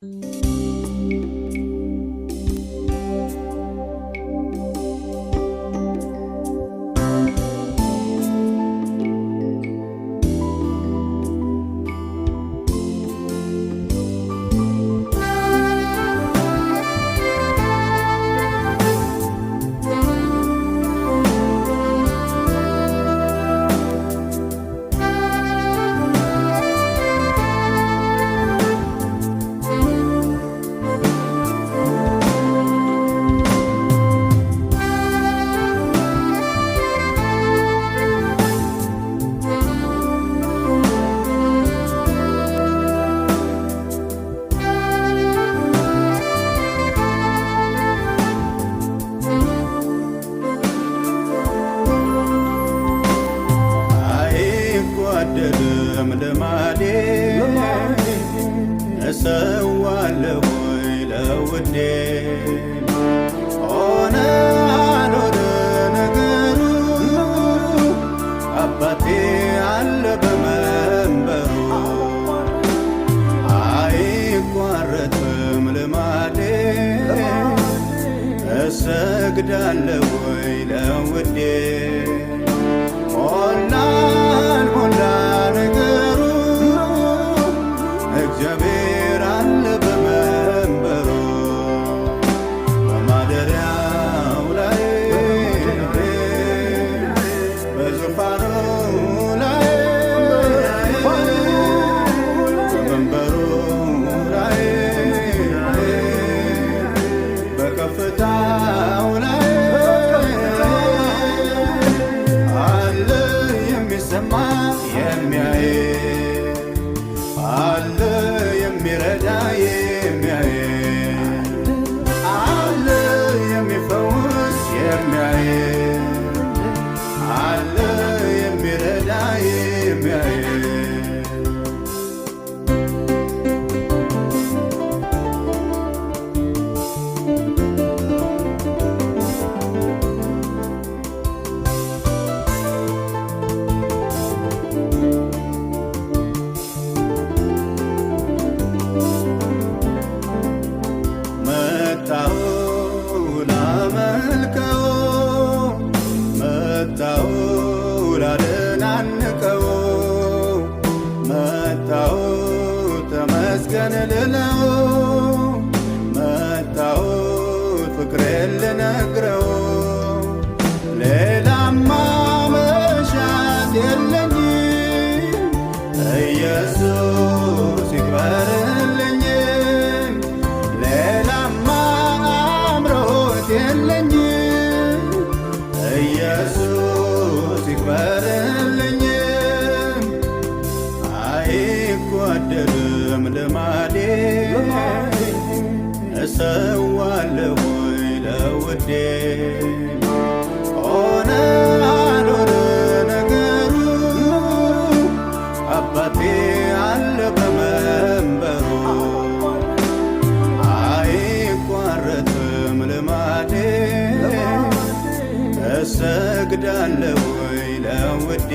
Thank mm. you. አይደለም ልማዴ እሰዋለሁ ወይ ለውዴ ሆነ አልሆነ ነገሩ አባቴ አለ በመንበሩ አይቋረጥም ልማዴ እሰግዳለሁ ወይ ለውዴ ሞላ far አልከው መጣው ላድናንቀው መጣው ተመስገን ልለው መጣው ፍቅሬን ልነግረው እሰዋለሁ ለውዴ ሆነ አኖረ ነገሩ አባቴ አለ በመንበሩ አይቋረጥም ልማዴ እሰግዳለሁ ለውዴ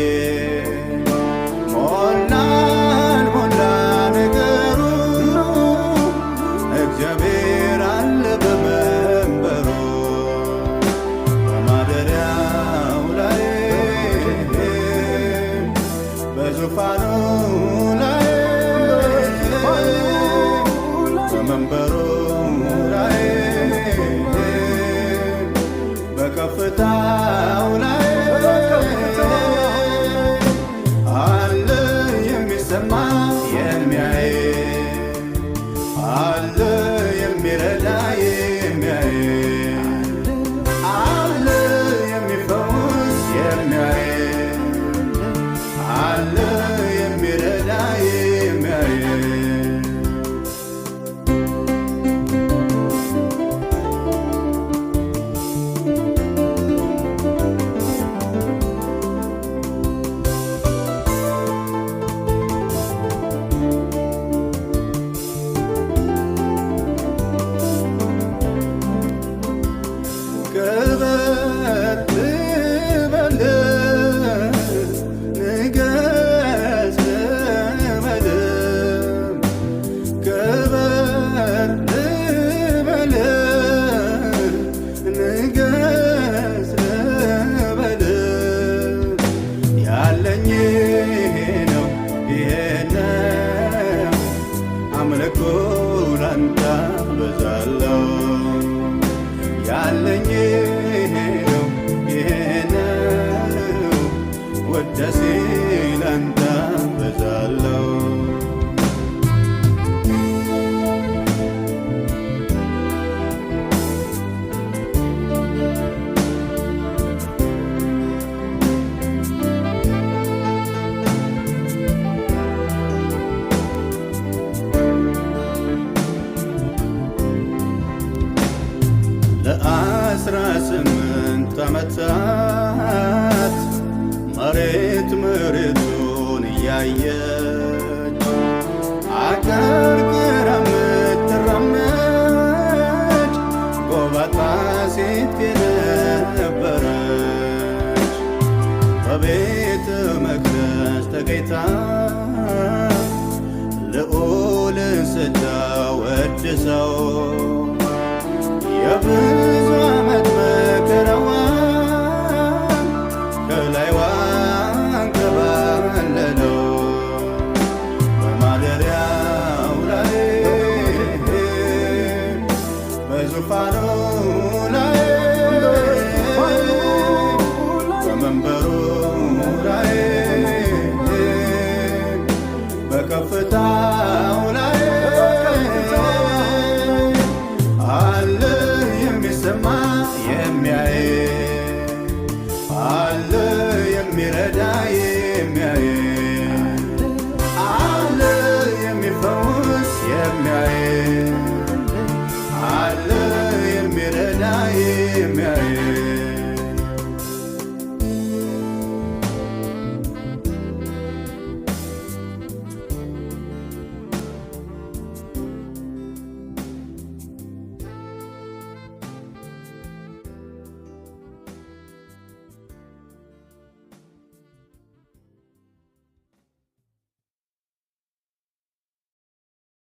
ለመግታት መሬት መሬቱን እያየች አገር ግራ የምትራመድ ጎባጣ ሴት የነበረች በቤተ መቅደስ ተገኝታ ልዑልን ስታወድሰው የሚሰማ የሚያይ